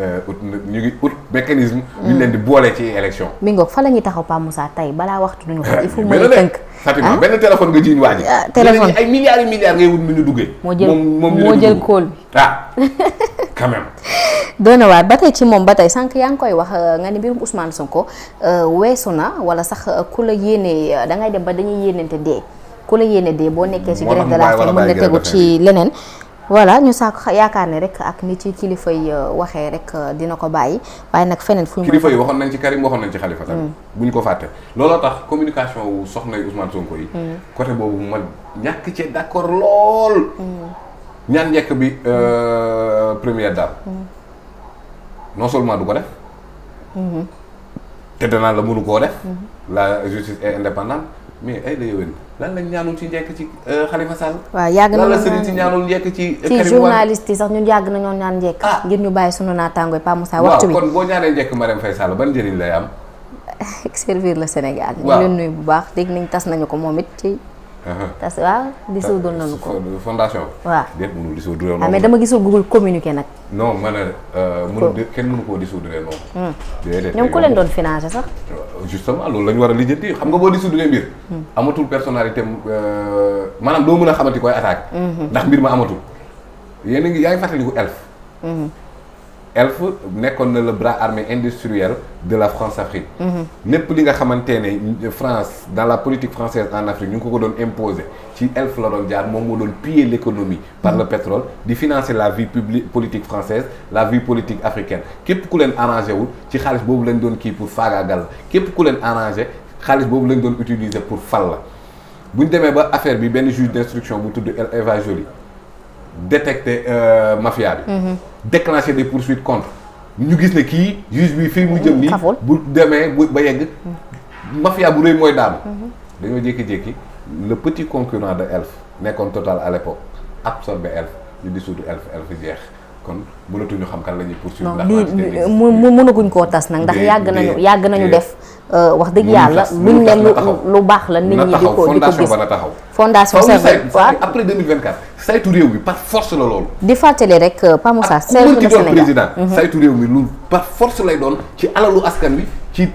Euh, ñu ngi ut mécanisme. Mm. ñu leen di boole ci élection. mi fa la ñuy taxaw Pa saa tey balaa waxtu duñu ko il faut mooy tënk. Fatima ah? benn téléphone nga jiiñ waa ah, nu ñu duggee. moo jël moo jël kóol bi ah quand même. ba ci moom ba tey sànq yaa ngi koy wax euh, nga ni mbirum Ousmane Sonko euh, weesu na wala sax ku la da ngay dem ba dañuy yéeneente dee ku la yéene dee boo nekkee ci grève de la faim mën tegu ci leneen. voilà ñu saako yaakaar ni rek ak ni ci kilifa yi euh, waxee rek euh, dina ko bàyyi waaye nag feneen fu ñu ci Karim waxoon nañ ci Khalifa tamit mm. ñu ko fàtte looloo tax communication wu soxna yi Ousmane Sonko yi mm. côté boobu ma ñàkk ci d'accord lool mm. ñaan njëkk bi euh, première dame non seulement du ko def mm-hmm. te danaa la mënu koo def mm-hmm. la justice est indépendante mais ay la yowin lan lañ ñaanul ci njëkk ci euh, Khalifa Sall. waaw yàgg na lan la sëriñ ci ñaanul njëkk ci. Euh, ci yi sax ñu yàgg nañoo ñaan njekk ah! ngir ñu bàyyi sunu naataangooy Pa Moussa waxtu bi waaw kon boo ñaanee njëkk Marème Faye Sall ban njëriñ lay am. servir le Sénégal. ñu leen nuyu bu baax dégg nañ tas nañu ko moom it ci tas waaw dissoudre nañu ko fondation waaw déet mënul dissoudre ah, noonu mais dama gisul Google communiqué nag non ma ne euh, mënu kenn mënu koo dissoudre noonu hmm. déedéet ñoom ku leen doon financé sax justement loolu la war a lijjanti xam nga boo dissoudre mbir hmm. amatul personnalité euh, maanaam doo mën a xamante koy attaque hmm, ndax mbir ma amatul yéen ngi yaa fàttaliku elf Elf nekkoon na le bras armé industriel de la France-Afrique. lépp mhm. li nga xamante ne France dans la politique française en Afrique ñu ngi ko ko doon imposer ci Elf la doon jaar moom moo doon piller l'économie par le mhm. pétrole di financer la vie publique politique française la vie politique africaine képp ku leen arrangé wul ci xaalis boobu lañ doon kii pour faagaagal képp ku leen arrangé xaalis boobu lañ doon utiliser pour fal la bu ñu demee ba affaire bi benn juge d'instruction bu tudd Eva détecter euh, mafia bi. Mhm. déclencher de poursuites contre ñu gis ne kii juge bi fii mu jëm nii. bu demee bu ba yegg. Mhm. mafia bu rëy mooy daanu. Mhm. dañoo jékki-jékki le petit concurrent de Elf nekkoon Total à l'époque absorbé Elf ñu dissoudre Elf Elf jeex. kon mënatuñu xam kan la ñuy poursuivre. ndax mënaguñ koo tas nag ndax yàgg nañu yàgg nañu def. Euh, wax dëgg yàlla luñ ne lu lu baax la nit ñi di ko di ko gis fondation c'est vrai waaw après 2024 saytu réew mi par force la loolu di fàttali rek euh, Pa Moussa saytu na Sénégal président mhm. saytu réew mi lu par force lay doon ci alalu askan wi ci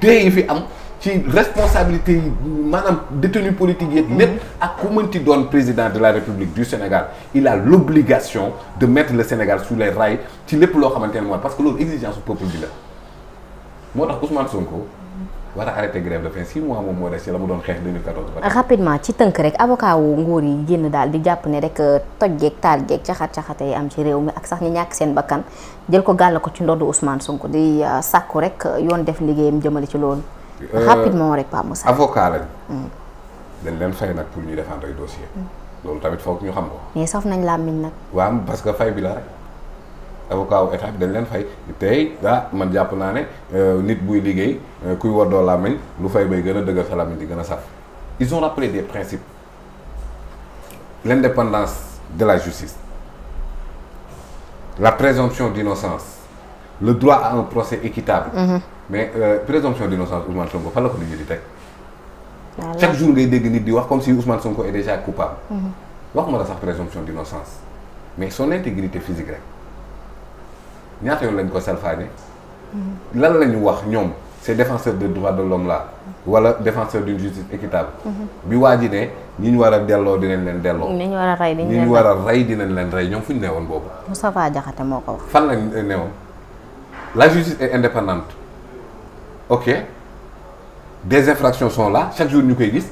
dee yi fi am ci responsabilité yi maanaam détenu politique yeeg mhm. lépp ak ku mënti doon président de la République du Sénégal il a l'obligation de mettre le Sénégal sous les rails ci lépp loo xamante ne mooy parce que loolu exigence du peuple bi la moo tax Ousmane Sonko war a arrêté grève de fin six mois moom moo des ci la mu doon xeex 2014. rapidement ci tënk rek avocat wu nguur yi génn daal di jàpp ne rek euh, toj geeg taal geeg caxat caxate yi am ci réew mi ak sax ñi ñàkk seen bakkan jël ko gàll ko ci ndoddu Ousmane Sonko di euh, sàkku rek euh, yoon def liggéeyam jëmale ci loolu. rapidement rek Pa Moussa. avocat lañ. Mm. dañ leen fay nag pour ñu défendre ay dossier mm. loolu tamit foog ñu xam ko. mais saf que fay bi avocat wu état bi dañ leen fay tey man jàpp naa ne euh, nit buy liggéey euh, kuy war doo lu fay bay gën a dëgër a làmmiñ di gën a saf ils ont rappelé des principes l'indépendance de la justice la présomption d'innocence le droit à un procès équitable mm -hmm. mais euh, présomption d'innocence Ousmane Sonko fan la ko nit di teg chaque jour ngay dégg nit di wax comme si Ousmane Sonko est déjà coupable mm-hmm. waxuma la sax présomption d'innocence mais son intégrité physique rek ñaata yoon lañ ko salfaane mm-hmm. lan la ñu wax ñoom ces défenseurs des droits de l'homme la mm-hmm. wala défenseur d'une justice équitable mm-hmm. bi waa ji ne ñi ñu war a delloo dinañ leen delloo ñi ñu war a rey dinañ leen rey ñoom fu ñu newoon boobu Moustapha Diakhaté moo ko wax fan lañ newoon la justice et indépendante ok des infractions sont la chaque jour ñu koy gis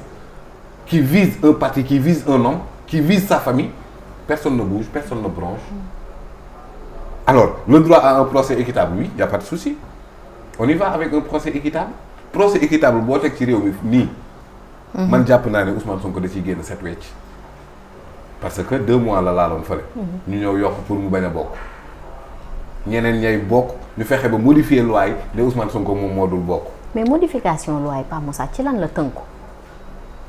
qui vise un parti qui vise un homme qui vise sa famille personne ne bouge personne ne bronche alors le droit à un procès équitable oui y a pas de souci on y va avec un procès équitable procès équitable boo teg ci réew mi nii. Mhm. man jàpp naa ne Ousmane Sonko da ciy génn set wecc parce que deux mois la laaloon fële. Mhm. ñu ñëw yokk pour mu bañ a bokk. ñeneen ñay bokk ñu fexe ba modifier loi yi ne Ousmane Sonko moom moo dul bokk. mais modification loi yi Pape Moussa ci lan la tënku.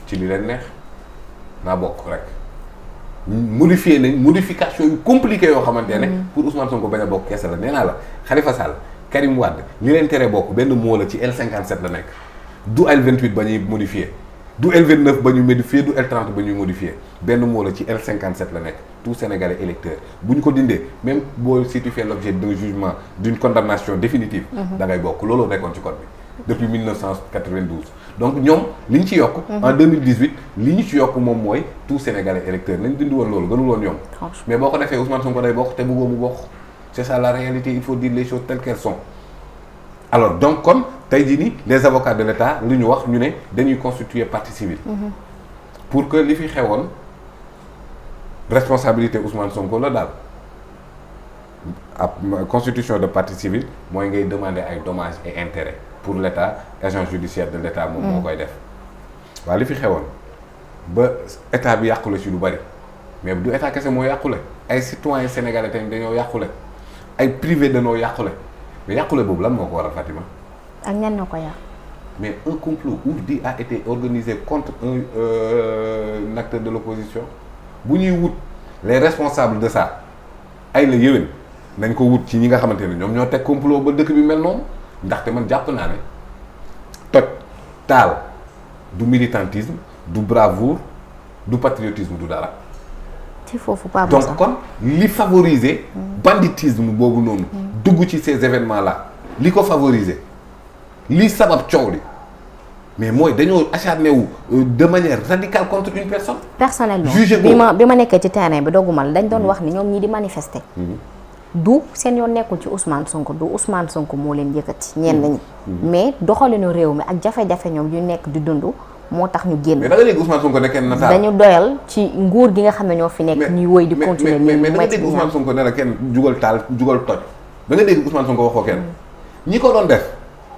ci li leen neex naa bokk rek. modifié nañ modification yu compliqué yoo xamante ne. Mm. pour Ousmane Sonko bañ a bokk kese la nee la Khalifa Sall Karim Wade li leen tere bokk benn moo la ci L57 la nekk du L28 ba du L29 ba ñu modifié du L30 ba ñuy modifié benn moo la ci L57 la nekk tout Sénégalais électeur bu ñu ko dindee même boo si tu fais l'objet d'un jugement d'une condamnation définitive. Mm-hmm. da bokk looloo nekkoon ci code bi. depuis 1992 donc ñoom li ñu ci yokk. Mhm. en 2018 li ñu ci yokk moom mooy tout Sénégalais électeur nañ dindi woon loolu gënul woon yomb. mais boo ko defee Ousmane Sonko day bokk te bëggoo mu bokk c'est ça la réalité il faut dire les choses telles qu'elles sont. alors donc kon tey jii nii les avocats de l'État lu ñu wax ñu ne dañuy constituer partie civile. Mhm. pour que li fi xewoon responsabilité Ousmane Sonko la daal. ab constitution de partie civile mooy ngay demande ay dommages et intérêts. pour l' état agent judiciaire de l' état moom moo mm. koy def waaw li fi xewoon ba état bi yàqule ci lu bari mais du état kese moo yàqule ay citoyens sénégalais tamit dañoo yàqule ay privé dañoo yàqule mais yàqule boobu lan moo ko war waral Fatima. ak ñan ñoo ko yàq. mais un complot ourdi a été organisé contre un, euh, un acteur de l' opposition bu ñuy wut les responsable de ça ay la yéwén nañ ko wut ci ñi nga xamante ni ñoom ñoo teg complot ba dëkk bi mel noonu. ndaxte man jàpp naa ne toj taal du militantisme du bravoure du patriotisme du dara. ci foofu pas donc kon li favoriser. Mm. banditisme boobu noonu. Mm. dugg ci ces événements là li ko favoriser li sabab coow li mais mooy dañoo acharné wu euh, de manière radicale contre une personne. personnellement jugé bi ma bi ma nekkee ci terrain bi dogguma la dañ doon mm. wax ni ñoom ñi di manifester. du seen yoon nekkul ci Ousmane Sonko du Ousmane Sonko moo leen yëkkati. ñenn ñi mm. Mm. mais doxalinu réew mi ak jafe-jafe ñoom yu nekk di dund moo tax ñu génn. mais da nga kenn nataal dañu doyal ci nguur nga xam ne ñoo fi nekk. ñuy wëy di continuer mais taal jugal toj. da nga dégg Ousmane Sonko waxoo mm. ñi ko doon def.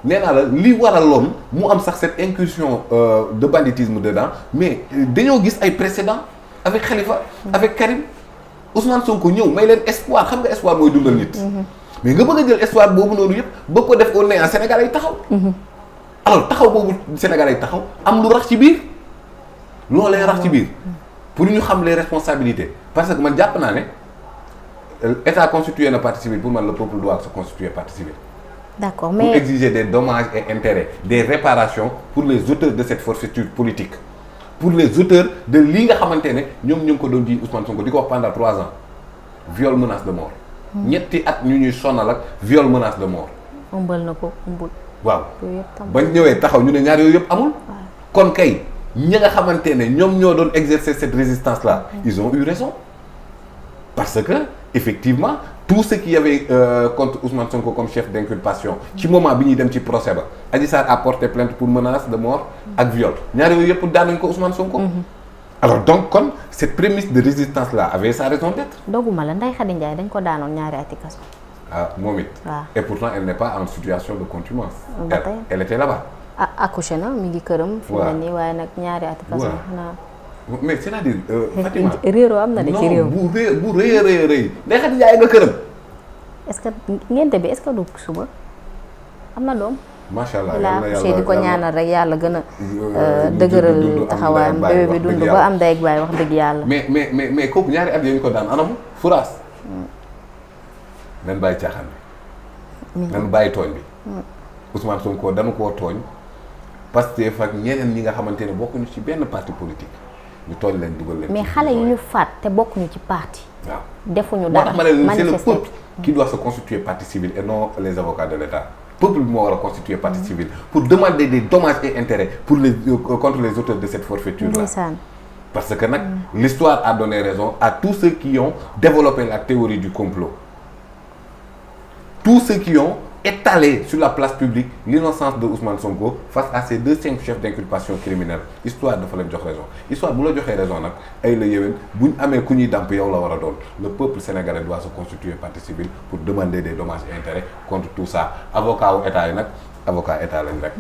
nee naa la li waraloon mu am sax cette incursion euh, de banditisme dedans mais euh, dañoo gis ay précédents avec Khalifa avec Karim. Ousmane Sonko ñëw may leen espoir xam nga espoir mooy dundal nit. mais nga bëgg a jël espoir boobu noonu yëpp bëgg ko def au néant Sénégal ay taxaw. alors taxaw boobu Sénégal ay taxaw am lu rax ci biir. loolu lay rax ci biir pour ñu xam les responsabilités parce que man jàpp naa ne état constitué na partie civile pour man le peuple doit se constituer partie civile. d'accord mais pour exiger des dommages et intérêts des réparations pour les auteurs de cette forfaiture politique. pour les auteurs de lii nga xamante ne ñoom ñu ngi ko doon jiiñ Ousmane Sonko di ko wax pendant trois ans viol menace de mort. Hmm. ñetti at ñu ñuy sonal ak viol menace de mort. ëmbal na ko ëmbul. waaw bañ ñëwee taxaw ñu ne ñaar yooyu yëpp amul. kon kay ñi nga xamante ne ñoom ñoo doon exercer cette résistance la hmm. ils ont eu raison. parce que effectivement tout ce qu'il y euh, comme chef d'inculpation ci moment bi ñuy dem ci procès ba Adji Sarr plainte pour menace de mort ak viol ñaar yooyu yëpp daanuñ ko Ousmane Sonko mhm. alors donc kon cette de résistance là avait sa raison d'être doguma la Ndeye Khady Ndiaye dañ ko daanoon ñaari ati ah, moom it waaw et pourtant elle n'est pas en situation de contumace elle, elle était là ah, na mi ngi këram fi mu nii waaye nag ñaari ati kaso mais c'est-à-dire. Euh, Fatima réeroo am na de ci réew bu ré bu rëy rëy rëy xati jaay nga këram. est-ce bi est du suba am na doom. macha allah yàlla di ko ñaanal rek yàlla gën a. Euh, dëgëral taxawaayam bébé bi dund ba am day ak baay wax dëgg yàlla. mais mais mais mais kooku ñaari at yooyu ko daan anam furaas. Mm. nan bàyyi caaxaan bi. nan bàyyi tooñ bi. Mm. Ousmane Sonko dama koo tooñ. Pastef ak ñeneen ñi nga xamante ne bokkuñu ci benn parti politique. ñu tooñ leen dugal leen. mais xale yu ñu faat te bokk bokkuñu ci parti. waaw defuñu ñu manifester c'est le peuple qui doit se constituer partie civile et non les avocats de l'État. peuple bi moo war a constituer partie civile pour demander des dommages et intérêts pour les euh, contre les auteurs de cette forfaiture là parce que nag mm. l'histoire a donné raison à tous ceux qui ont développé la théorie du complot tous ceux qui ont étaler sur la place publique l'innocence de Ousmane Sonko face à ces deux cinq chefs d'inculpation criminelle histoire dafa leen jox raison histoire bu la joxee raison nag ay la yéwén bu ñu amee ku ñuy dàmp yow la war a doon le peuple sénégalais doit se constituer partie pour demander de dommages et intérêts contre tout ça avocat wu état yi nag avocat état lañ rek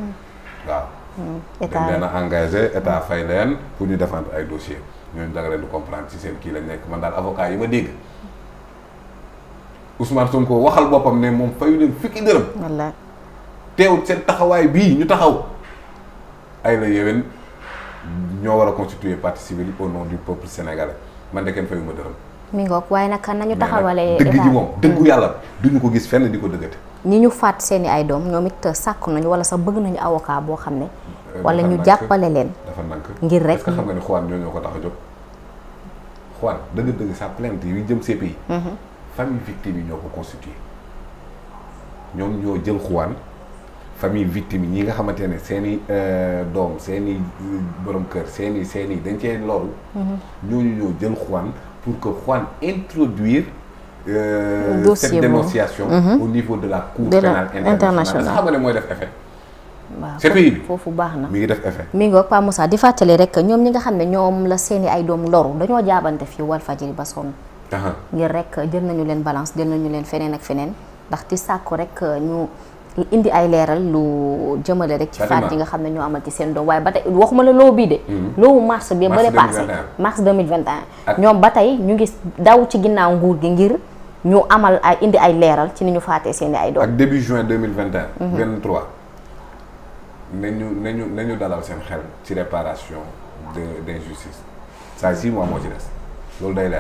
waaw hmm. dañ leen engage engagé état fay leen pour ñu défendre ay dossiers ñooñu da nga leen di kii lañ nekk man daal avocat yi ma dégg Ousmane Sonko waxal boppam ne moom fayu leen fukki dërëm. wallaay teewul seen taxawaay bii ñu taxaw ay la yéwén ñoo war a constituer partie civile au nom du peuple sénégalais man de kenn fayu ma dërëm. mi ngoog waaye nag nañu taxawalee. dëgg ji moom dëggu mm. yàlla duñu ko gis fenn di ko dëggate. ñi ñu faat seeni ay doom ñoom it sàkk nañu wala sax bëgg nañu avocat boo xam ne. Eh, wala ñu jàppale leen. dafa nànk ngir rek xam nga ni ñoo ñoo ko tax a jóg. Juan dëgg-dëgg sa plainte yi jëm famille victime yi ñoo ko constitué ñoom ñoo jël xuwaan famille victime yi ñi nga xamante ne seen i euh, doom seen i euh, borom kër seen i seen i dañ cee loolu. Mm-hmm. ñooñu ñoo jël xuwaan pour que xuwaan introduire. Euh, cette dénonciation. Mm-hmm. au niveau de la cour pénale internationale xam nga ne mooy def effet. waaw foofu baax na mi ngi def effet. mi ngi wax rek ñoom ñi nga xam ne ñoom la seeni ay doom loru dañoo jaabante fii Walfadjri ba sonn. ngir rek jël nañu leen balance jël nañu leen feneen ak feneen ndax ti sàkku rek ñu indi ay leeral lu jëmale rek ci faat yi nga xam ne ñoo amal ci seen doom waaye ba tey waxuma la loo bii de mhm. loowu mars bi ba le passé mars 2021 ñoom ba tey ñu ngi daw ci ginnaaw nguur gi ngir ñu amal ay indi ay leeral ci ni ñu faatee seen ay doom ak début juin 2021 23 mhm. nañu nañu nañu dalal seen xel ci réparation de d'injustice saa si moom moo ci des loolu